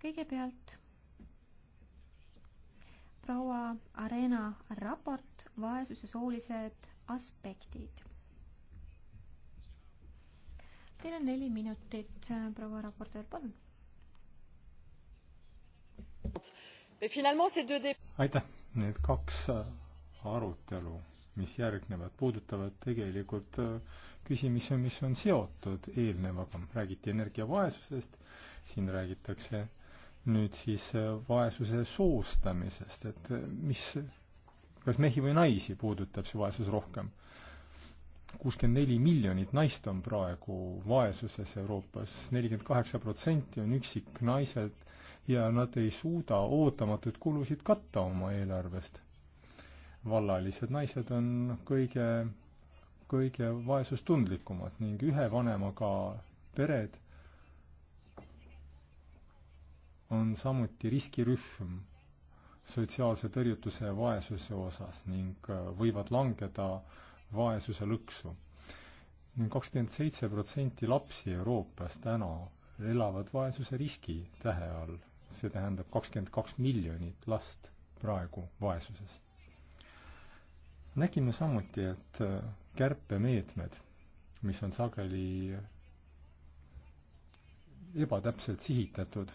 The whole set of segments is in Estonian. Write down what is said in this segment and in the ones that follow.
kõigepealt proua Arena raport Vaesuse soolised aspektid. Teil on neli minutit, proua raportöör, palun. aitäh, need kaks äh, arutelu, mis järgnevad, puudutavad tegelikult äh, küsimusi, mis on seotud eelnevaga. räägiti energiavaesusest, siin räägitakse nüüd siis äh, vaesuse soostamisest, et äh, mis, kas mehi või naisi puudutab see vaesus rohkem? kuuskümmend neli miljonit naist on praegu vaesuses Euroopas, nelikümmend kaheksa protsenti on üksiknaised ja nad ei suuda ootamatuid kulusid katta oma eelarvest. vallalised naised on kõige, kõige vaesustundlikumad ning ühe vanemaga pered on samuti riskirühm sotsiaalse tõrjutuse ja vaesuse osas ning äh, võivad langeda vaesuse lõksu. kakskümmend seitse protsenti lapsi Euroopas täna elavad vaesuse riski tähe all, see tähendab kakskümmend kaks miljonit last praegu vaesuses. nägime samuti, et äh, kärpemeetmed, mis on sageli ebatäpselt sihitatud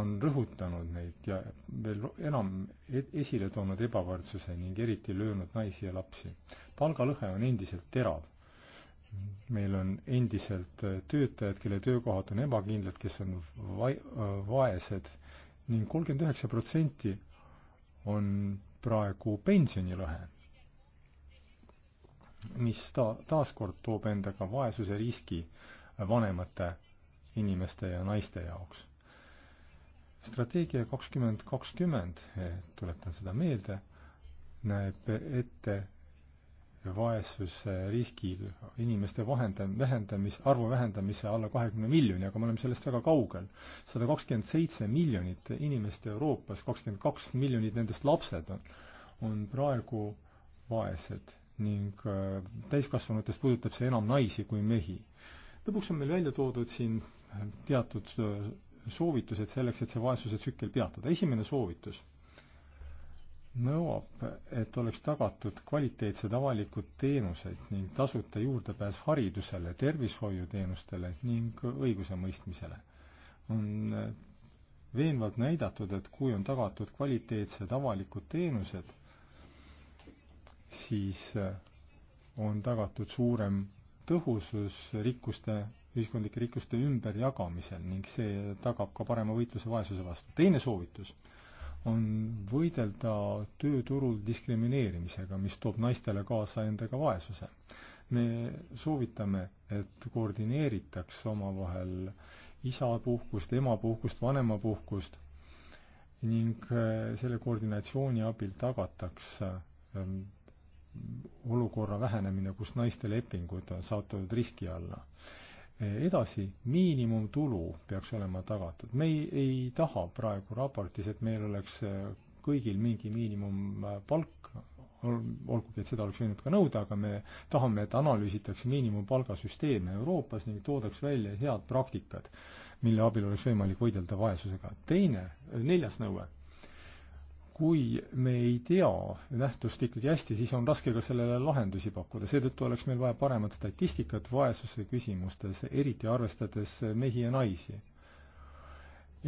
on rõhutanud neid ja veel enam e-, esile toonud ebavõrdsuse ning eriti löönud naisi ja lapsi. palgalõhe on endiselt terav. meil on endiselt äh, töötajad, kelle töökohad on ebakindlad, kes on vai-, äh, vaesed ning kolmkümmend üheksa protsenti on praegu pensionilõhe, mis ta-, taaskord toob endaga vaesuse riski vanemate inimeste ja naiste jaoks strateegia kakskümmend kakskümmend, tuletan seda meelde, näeb ette vaesusriski inimeste vahendam-, vähendamis, arvu vähendamise alla kahekümne miljoni, aga me oleme sellest väga kaugel. sada kakskümmend seitse miljonit inimest Euroopas, kakskümmend kaks miljonit nendest lapsed on, on praegu vaesed ning äh, täiskasvanutest puudutab see enam naisi kui mehi. lõpuks on meil välja toodud siin teatud äh, soovitused selleks, et see vaesuse tsükkel peatada. esimene soovitus nõuab, et oleks tagatud kvaliteetsed avalikud teenused ning tasuta juurdepääs haridusele, tervishoiuteenustele ning õigusemõistmisele. on veenvalt näidatud, et kui on tagatud kvaliteetsed avalikud teenused, siis on tagatud suurem tõhusus rikkuste ühiskondlike rikkuste ümberjagamisel ning see tagab ka parema võitluse vaesuse vastu. teine soovitus on võidelda tööturul diskrimineerimisega, mis toob naistele kaasa endaga vaesuse. me soovitame, et koordineeritaks omavahel isapuhkust, emapuhkust, vanemapuhkust ning eh, selle koordinatsiooni abil tagataks eh, olukorra vähenemine, kus naiste lepingud on sattunud riski alla. Eh, edasi, miinimumtulu peaks olema tagatud. me ei, ei taha praegu raportis, et meil oleks eh, kõigil mingi miinimumpalk, eh, olgugi, et seda oleks võinud ka nõuda, aga me tahame, et analüüsitaks miinimumpalgasüsteeme Euroopas ning toodaks välja head praktikad, mille abil oleks võimalik võidelda vaesusega. teine, neljas nõue kui me ei tea nähtust ikkagi hästi, siis on raske ka sellele lahendusi pakkuda, seetõttu oleks meil vaja paremat statistikat vaesuse küsimustes, eriti arvestades mehi ja naisi.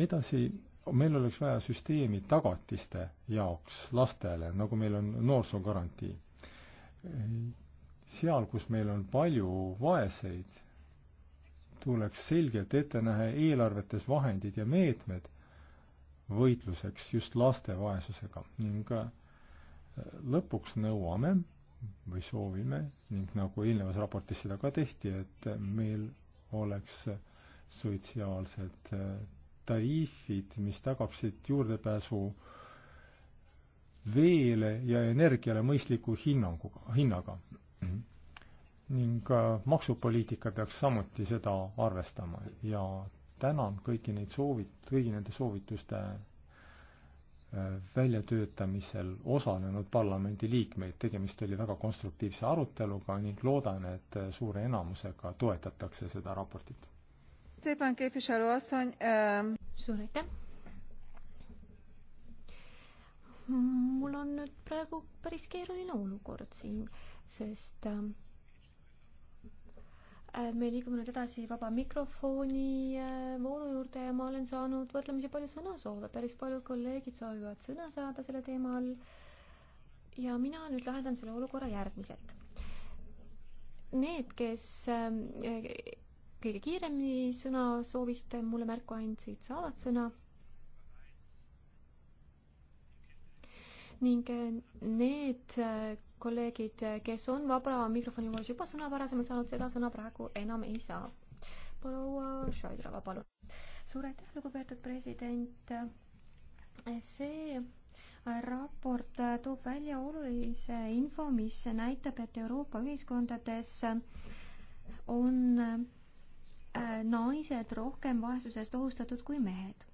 edasi, meil oleks vaja süsteemi tagatiste jaoks lastele, nagu meil on noorsoogarantii. seal, kus meil on palju vaeseid, tuleks selgelt ette näha eelarvetes vahendid ja meetmed võitluseks just laste vaesusega ning äh, lõpuks nõuame või soovime ning nagu eelnevas raportis seda ka tehti, et meil oleks sotsiaalsed äh, tariifid, mis tagaksid juurdepääsu veele ja energiale mõistliku hinnanguga, hinnaga. ning äh, maksupoliitika peaks samuti seda arvestama ja tänan kõiki neid soovit-, kõigi nende soovituste äh, väljatöötamisel osalenud parlamendiliikmeid, tegemist oli väga konstruktiivse aruteluga ning loodan, et äh, suure enamusega toetatakse seda raportit. suur aitäh! mul on nüüd praegu päris keeruline olukord siin, sest äh, Äh, me liigume nüüd edasi vaba mikrofoni äh, voolu juurde ja ma olen saanud võrdlemisi palju sõnasoove, päris paljud kolleegid soovivad sõna saada selle teema all. ja mina nüüd lahendan selle olukorra järgmiselt. Need, kes äh, kõige kiiremini sõna soovist mulle märku andsid, saavad sõna. ning need, kolleegid, kes on vaba mikrofoni juures juba sõna varasemalt saanud, seda sõna praegu enam ei saa. proua Šaidrava, palun. suur aitäh, lugupeetud president. see raport toob välja olulise info, mis näitab, et Euroopa ühiskondades on äh, naised rohkem vaesusest ohustatud kui mehed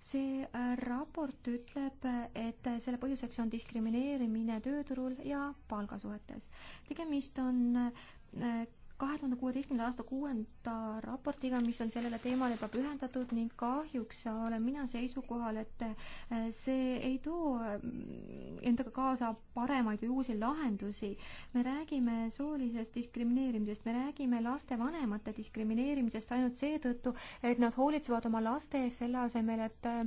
see äh, raport ütleb, äh, et selle põhjuseks on diskrimineerimine tööturul ja palgasuhetes. tegemist on äh, kahe tuhande kuueteistkümnenda aasta kuuenda raportiga, mis on sellele teemale juba pühendatud ning kahjuks olen mina seisukohal, et äh, see ei too mm, endaga kaasa paremaid või uusi lahendusi. me räägime soolisest diskrimineerimisest, me räägime lastevanemate diskrimineerimisest ainult seetõttu, et nad hoolitsevad oma laste eest selle asemel, et äh,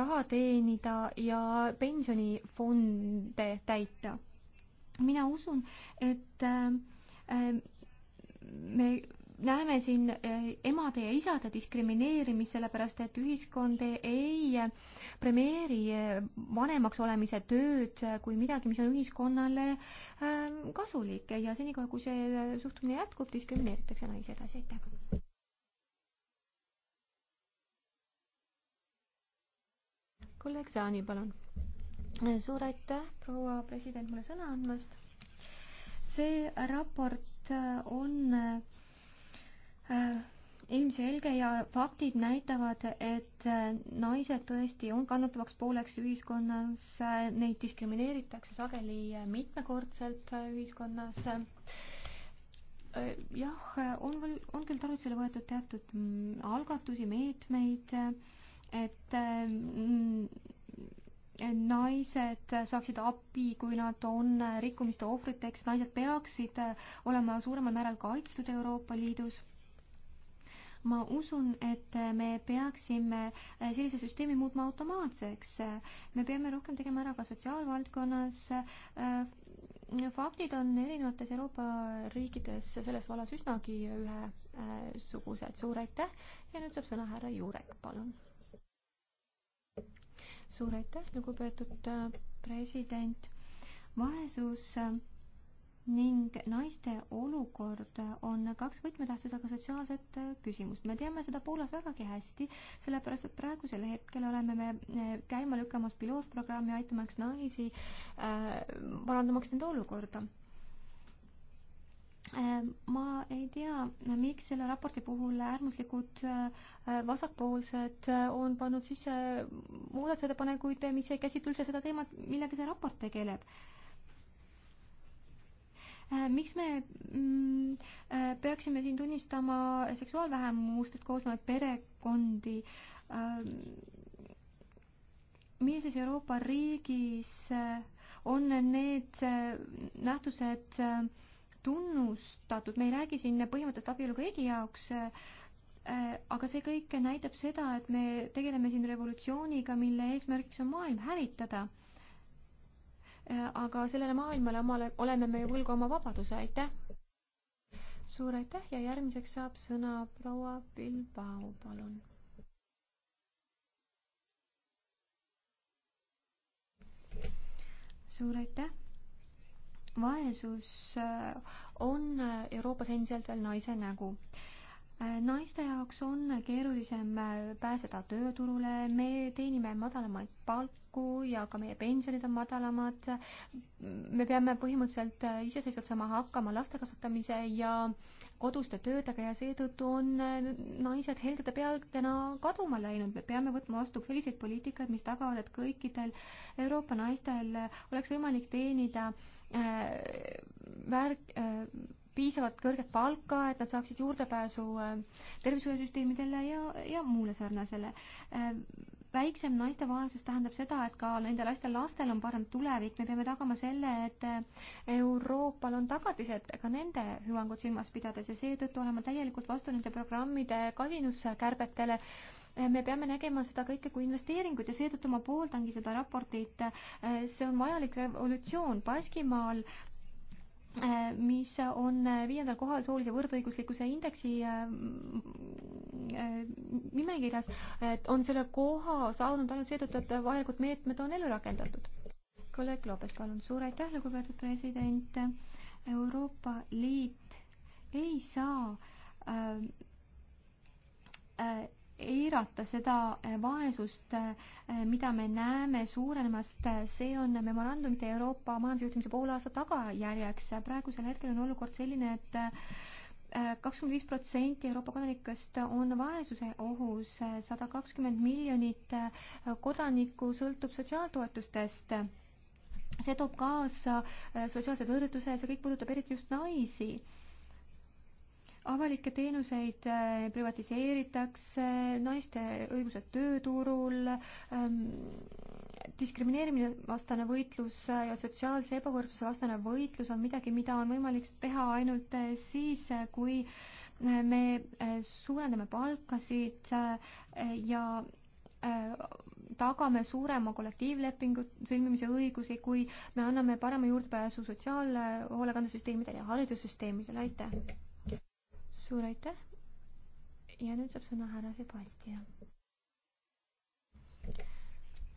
raha teenida ja pensionifonde täita. mina usun, et äh, me näeme siin eh, emade ja isade diskrimineerimist, sellepärast et ühiskond ei eh, premeeri eh, vanemaks olemise tööd kui midagi, mis on ühiskonnale kasulik ja senikaua, kui see suhtumine jätkub, diskrimineeritakse naisi edasi, aitäh. kolleeg Saani, palun. suur aitäh, proua president, mulle sõna andmast. see raport tegemist äh, on äh, ilmselge ja faktid näitavad, et äh, naised tõesti on kannatavaks pooleks ühiskonnas, neid diskrimineeritakse sageli mitmekordselt ühiskonnas. jah, on veel, on küll tarvitusele võetud teatud mm, algatusi, meetmeid, et naised saaksid abi, kui nad on rikkumiste ohvriteks, naised peaksid olema suuremal määral kaitstud Euroopa Liidus. ma usun, et me peaksime sellise süsteemi muutma automaatseks. me peame rohkem tegema ära ka sotsiaalvaldkonnas. faktid on erinevates Euroopa riikides selles vallas üsnagi ühesugused. suur aitäh ja nüüd saab sõna härra Jurek, palun suur aitäh, lugupeetud äh, president. vaesus äh, ning naiste olukord äh, on kaks võtmetähtsusega sotsiaalset küsimust. me teame seda Poolas vägagi hästi, sellepärast et praegusel hetkel oleme me käima lükkamas pilootprogrammi, aitamaks naisi äh,, parandamaks nende olukorda Ehm, ma ei tea, miks selle raporti puhul äärmuslikud äh, vasakpoolsed äh, on pannud sisse muudatusettepanekuid, mis ei käsitle üldse seda teemat, millega see raport tegeleb. Äh, miks me mm, peaksime siin tunnistama seksuaalvähemustest koosnevaid perekondi? Ehm, millises Euroopa riigis on need nähtused tunnustatud, me ei räägi siin põhimõttest abielu kõigi jaoks, äh, aga see kõik näitab seda, et me tegeleme siin revolutsiooniga, mille eesmärgiks on maailm hävitada. Äh, aga sellele maailmale omale oleme me ju võlgu oma vabaduse, aitäh! suur aitäh ja järgmiseks saab sõna proua Bilbao, palun suur aitäh! vaesus äh, on äh, Euroopas endiselt veel naise nägu. Äh, naiste jaoks on keerulisem pääseda tööturule, me teenime madalamaid palku, praegu ja ka meie pensionid on madalamad. me peame põhimõtteliselt iseseisvalt saama hakkama laste kasvatamise ja koduste töödega ja seetõttu on naised helgete peadena kaduma läinud. me peame võtma vastu selliseid poliitikaid, mis tagavad, et kõikidel Euroopa naistel oleks võimalik teenida äh, väärt äh, piisavalt kõrget palka, et nad saaksid juurdepääsu äh, tervishoiusüsteemidele ja, ja muule sarnasele. Äh, väiksem naiste vaesus tähendab seda, et ka nendel naistel lastel on parem tulevik, me peame tagama selle, et Euroopal on tagatised ka nende hüvangut silmas pidades ja seetõttu olema täielikult vastu nende programmide kasinuskärbetele me peame nägema seda kõike kui investeeringut ja seetõttu ma pooldangi seda raportit. see on vajalik revolutsioon Baskimaal Äh, mis on viiendal kohal soolise võrdõiguslikkuse indeksi äh, äh, nimekirjas, et on selle koha saanud ainult seetõttu, et vajalikud meetmed on ellu rakendatud. kolleeg Lopes, palun, suur aitäh, lugupeetud president. Euroopa Liit ei saa äh, äh, eirata seda vaesust, mida me näeme suurenemast, see on memorandumite Euroopa majandusjuhtimise poole aasta tagajärjeks. praegusel hetkel on olukord selline, et kakskümmend viis protsenti Euroopa kodanikest on vaesuse ohus, sada kakskümmend miljonit kodanikku sõltub sotsiaaltoetustest see toob kaasa sotsiaalse tõrjutuse ja see kõik puudutab eriti just naisi avalikke teenuseid äh, privatiseeritakse, naiste õigused tööturul, ähm, diskrimineerimine vastane võitlus äh, ja sotsiaalse ebavõrdsuse vastane võitlus on midagi, mida on võimalik teha ainult äh, siis, kui me suurendame palkasid ja tagame suurema kollektiivlepingu sõlmimise õigusi, kui me anname parema juurdepääsu sotsiaalhoolekandesüsteemidele ja haridussüsteemidele, aitäh! suur aitäh. ja nüüd saab sõna härra Sebastian.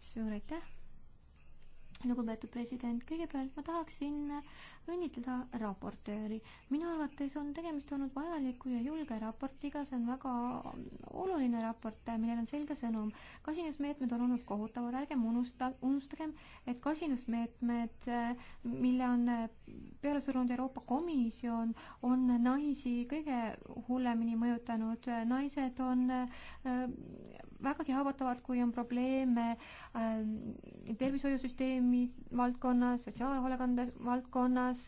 suur aitäh lugupeetud president, kõigepealt ma tahaksin õnnitleda raportööri. minu arvates on tegemist olnud vajaliku ja julge raportiga, see on väga oluline raport, millel on selge sõnum. kasinusmeetmed on olnud kohutavad, ärgem unusta, unustagem, et kasinusmeetmed, mille on peale surunud Euroopa Komisjon, on naisi kõige hullemini mõjutanud. naised on äh, vägagi haavatavad, kui on probleeme ähm, tervishoiusüsteemi turismi valdkonnas, sotsiaalhoolekande valdkonnas.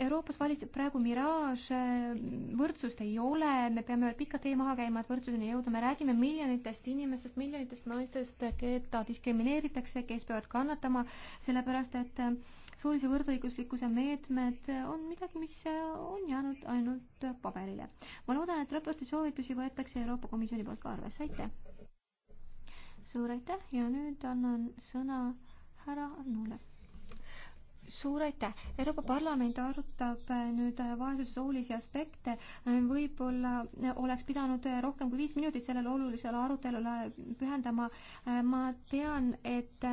Euroopas valitseb praegu miraaž, võrdsust ei ole, me peame veel pika tee maha käima, et võrdsuseni jõuda, me räägime miljonitest inimestest, miljonitest naistest, keda diskrimineeritakse, kes peavad kannatama, sellepärast et soolise võrdõiguslikkuse meetmed on midagi, mis on jäänud ainult paberile. ma loodan, et raporti soovitusi võetakse Euroopa Komisjoni poolt ka arvesse, aitäh! suur aitäh ja nüüd annan sõna härra Arnule suur aitäh. Euroopa Parlament arutab äh, nüüd äh, vaesuse soolisi aspekte. Äh, võib-olla oleks pidanud rohkem kui viis minutit sellele olulisele arutelule pühendama. ma tean, et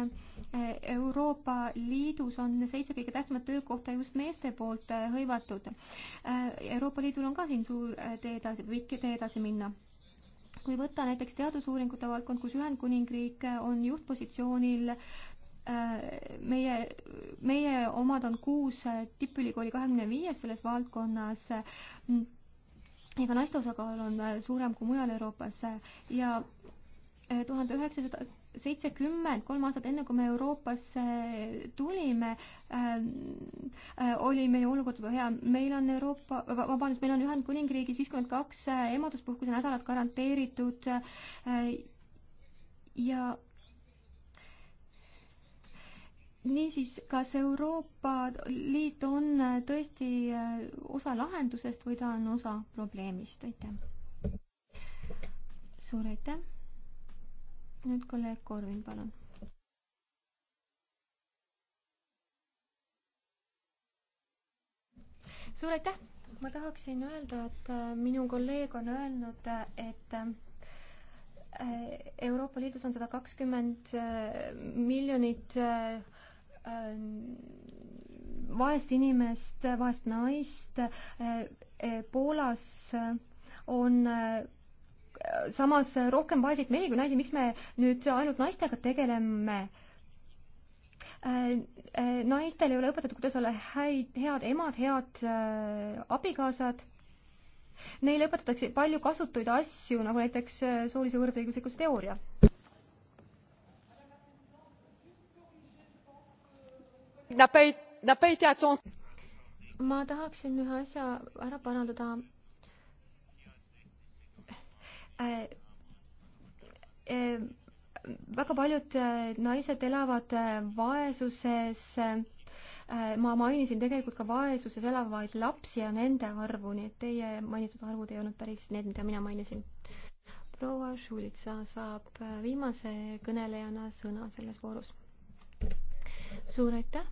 Euroopa Liidus on seitse kõige tähtsamat töökohta just meeste poolt hõivatud. Euroopa Liidul on ka siin suur tee edasi, pikk tee edasi minna kui võtta näiteks teadusuuringute valdkond, kus Ühendkuningriik on juhtpositsioonil, äh, meie, meie omad on kuus tippülikooli kahekümne viies selles valdkonnas ja ka naiste osakaal on suurem kui mujal Euroopas ja äh, tuhande üheksasada seitsekümmend, kolm aastat enne, kui me Euroopasse tulime ähm, äh,, oli meie olukord juba hea. meil on Euroopa, vabandust, meil on Ühendkuningriigis viiskümmend kaks äh, emaduspuhkuse nädalat garanteeritud äh, ja niisiis, kas Euroopa Liit on äh, tõesti äh, osa lahendusest või ta on osa probleemist? aitäh. suur aitäh nüüd kolleeg Korvin, palun. suur aitäh, ma tahaksin öelda, et äh, minu kolleeg on öelnud, et äh, Euroopa Liidus on sada kakskümmend äh, miljonit vaest inimest, vaest naist. Poolas on samas rohkem vaeseid mehi kui naisi, miks me nüüd ainult naistega tegeleme? Äh, äh, naistel ei ole õpetatud, kuidas olla häid, head emad, head äh, abikaasad. Neile õpetatakse palju kasutuid asju, nagu näiteks soolise võrdõiguslikkuse teooria. ma tahaksin ühe asja ära parandada Äh, äh, väga paljud äh, naised elavad vaesuses. ma mainisin tegelikult ka vaesuses elavaid lapsi ja nende arvu, nii et teie mainitud arvud ei olnud päris need, mida mina mainisin. proua Šulitsa saab viimase kõnelejana sõna selles voorus. suur aitäh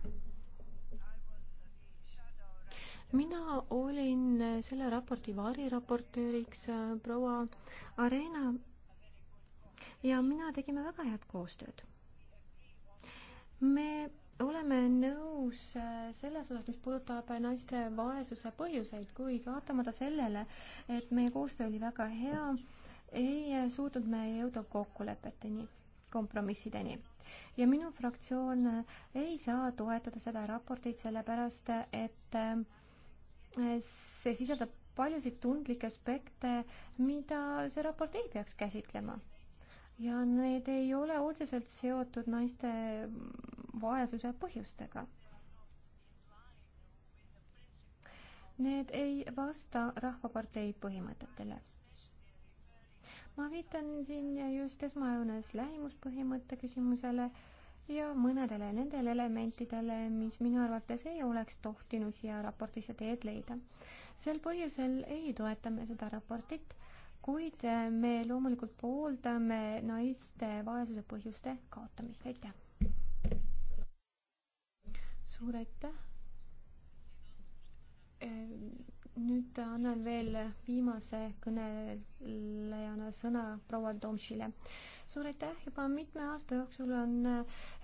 mina olin selle raporti variraportööriks äh, proua Arena ja mina tegime väga head koostööd. me oleme nõus äh, selles osas, mis puudutab naiste vaesuse põhjuseid, kuid vaatamata sellele, et meie koostöö oli väga hea, ei äh, suutnud me jõuda kokkulepeteni, kompromissideni. ja minu fraktsioon ei saa toetada seda raportit, sellepärast et äh, see sisaldab paljusid tundlikke aspekte, mida see raport ei peaks käsitlema. ja need ei ole otseselt seotud naiste vaesuse põhjustega. Need ei vasta Rahvapartei põhimõtetele ma viitan siin just esmajoones lähimuspõhimõtte küsimusele äh, ja mõnedele nendele elementidele, mis minu arvates ei oleks tohtinud siia raportisse teed leida. sel põhjusel ei toeta me seda raportit, kuid me loomulikult pooldame naiste vaesuse põhjuste kaotamist, aitäh! suur aitäh! nüüd annan veel viimase kõnelejana sõna proua Tomšile. suur aitäh, juba mitme aasta jooksul on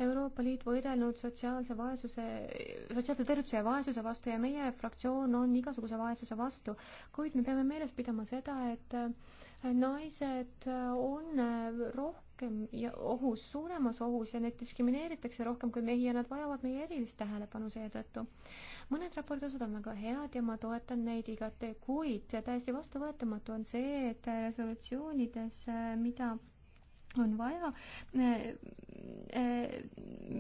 Euroopa Liit võidelnud sotsiaalse vaesuse, sotsiaalse tervise ja vaesuse vastu ja meie fraktsioon on igasuguse vaesuse vastu, kuid me peame meeles pidama seda, et naised on rohkem rohkem ja ohus, suuremas ohus ja neid diskrimineeritakse rohkem kui mehi ja nad vajavad meie erilist tähelepanu seetõttu. mõned raporti osad on väga head ja ma toetan neid igati, kuid täiesti vastuvõetamatu on see, et resolutsioonides, mida on vaja,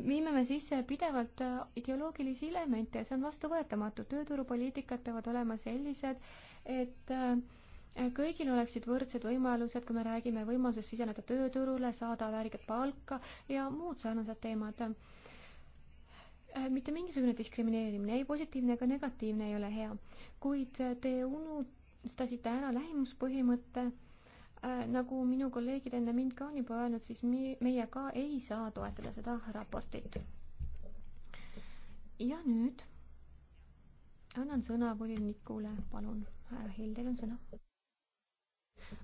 viime me sisse pidevalt ideoloogilisi elemente ja see on vastuvõetamatu. tööturupoliitikad peavad olema sellised, et äh, kõigil oleksid võrdsed võimalused, kui me räägime võimalusest siseneda tööturule, saada väärikat palka ja muud sarnased teemad. Äh, mitte mingisugune diskrimineerimine, ei positiivne ega negatiivne ei ole hea, kuid te unustasite ära lähimuspõhimõtte. Äh, nagu minu kolleegid enne mind ka on juba öelnud, siis meie ka ei saa toetada seda raportit. ja nüüd annan sõna volinikule, palun härra Hill, teil on sõna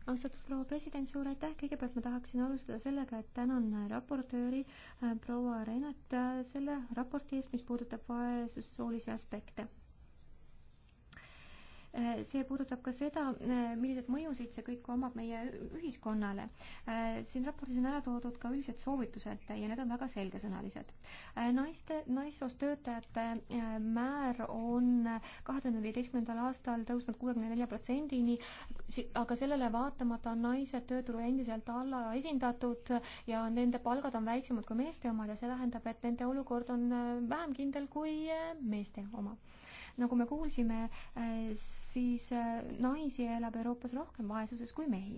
austatud proua president, suur aitäh, kõigepealt ma tahaksin alustada sellega, et tänan raportööri äh, proua Renat äh, selle raporti eest, mis puudutab vaesussoolisi aspekte see puudutab ka seda, milliseid mõjusid see kõik omab meie ühiskonnale. siin raportis on ära toodud ka üldised soovitused ja need on väga selgesõnalised. naiste, naissoost töötajate äh, määr on kahe tuhande viieteistkümnendal aastal tõusnud kuuekümne nelja protsendini, aga sellele vaatamata on naised tööturul endiselt allaesindatud ja nende palgad on väiksemad kui meeste omad ja see tähendab, et nende olukord on äh, vähem kindel kui äh, meeste oma nagu me kuulsime, äh, siis äh, naisi elab Euroopas rohkem vaesuses kui mehi.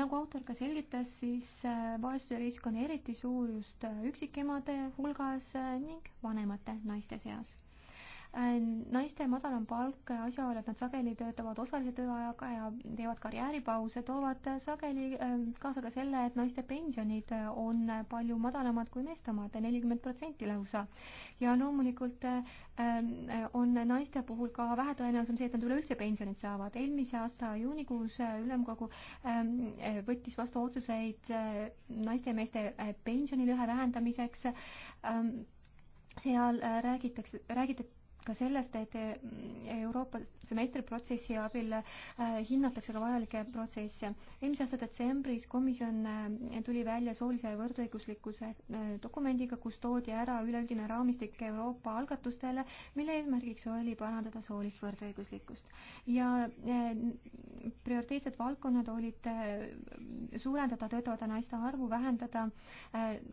nagu autor ka selgitas, siis äh, vaesuse risk on eriti suur just üksikemade hulgas ning vanemate naiste seas Äh, naiste madalam palk, äh, asjaolu, et nad sageli töötavad osalise tööajaga ja teevad karjääripause, toovad sageli ähm, kaasa ka selle, et naiste pensionid äh, on palju madalamad kui meeste omad, nelikümmend protsenti lausa. ja loomulikult ähm, on naiste puhul ka vähetõenäolisem see, et nad üleüldse pensionit saavad. eelmise aasta juunikuus ülemkogu ähm, võttis vastu otsuseid naiste ja meeste pensionilõhe vähendamiseks seal räägitakse, räägitakse ka sellest, et mm, Euroopa semestriprotsessi abil äh, hinnatakse ka vajalikke protsesse. eelmise aasta detsembris komisjon äh, tuli välja soolise võrdõiguslikkuse äh, dokumendiga, kus toodi ära üleüldine raamistik Euroopa algatustele, mille eesmärgiks oli parandada soolist võrdõiguslikkust. ja prioriteetsed valdkonnad olid suurendada töötavate naiste arvu, vähendada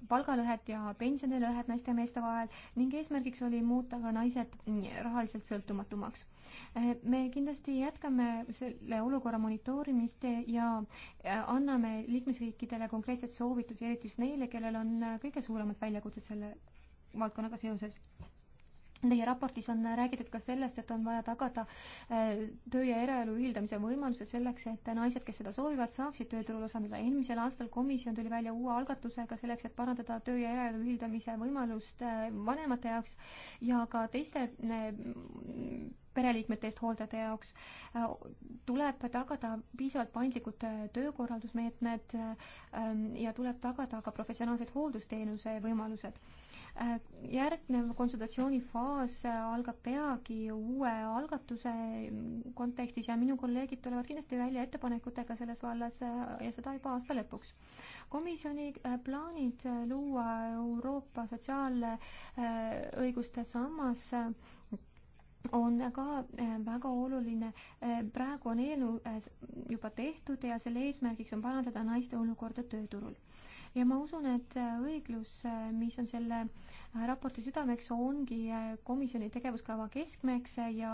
palgalõhet ja pensionilõhet naiste ja meeste vahel ning eesmärgiks oli muuta ka naised mm, rahaliselt sõltumatumaks. Eh, me kindlasti jätkame selle olukorra monitoorimist ja eh, anname liikmesriikidele konkreetseid soovitusi, eriti just neile, kellel on eh, kõige suuremad väljakutsed selle valdkonnaga seoses Teie raportis on räägitud ka sellest, et on vaja tagada äh, töö ja eraelu ühildamise võimalused selleks, et naised, kes seda soovivad, saaksid tööturul osaleda. eelmisel aastal komisjon tuli välja uue algatusega selleks, et parandada töö ja eraelu ühildamise võimalust äh, vanemate jaoks ja ka teiste äh, pereliikmete eest hooldajate jaoks tuleb tagada piisavalt paindlikud töökorraldusmeetmed ja tuleb tagada ka professionaalsed hooldusteenuse võimalused Äh, järgnev konsultatsioonifaas äh, algab peagi uue algatuse mm, kontekstis ja minu kolleegid tulevad kindlasti välja ettepanekutega selles vallas äh, ja seda juba aasta lõpuks. komisjoni plaanid luua Euroopa sotsiaalõiguste sammas on ka väga oluline. praegu on eelnõu juba tehtud ja selle eesmärgiks on parandada naiste olukorda tööturul ja ma usun, et äh, õiglus, äh, mis on selle äh, raporti südameks, ongi komisjoni tegevuskava keskmeks ja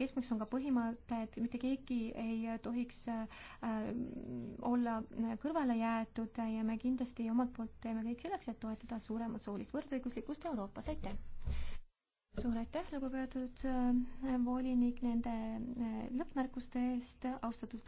keskmeks on ka põhimõte, et mitte keegi ei tohiks olla kõrvale jäetud ja me kindlasti omalt poolt teeme kõik selleks, et toetada suuremat soolist võrdõiguslikkust Euroopas, aitäh! suur aitäh, lugupeetud volinik, nende lõppmärkuste eest, austatud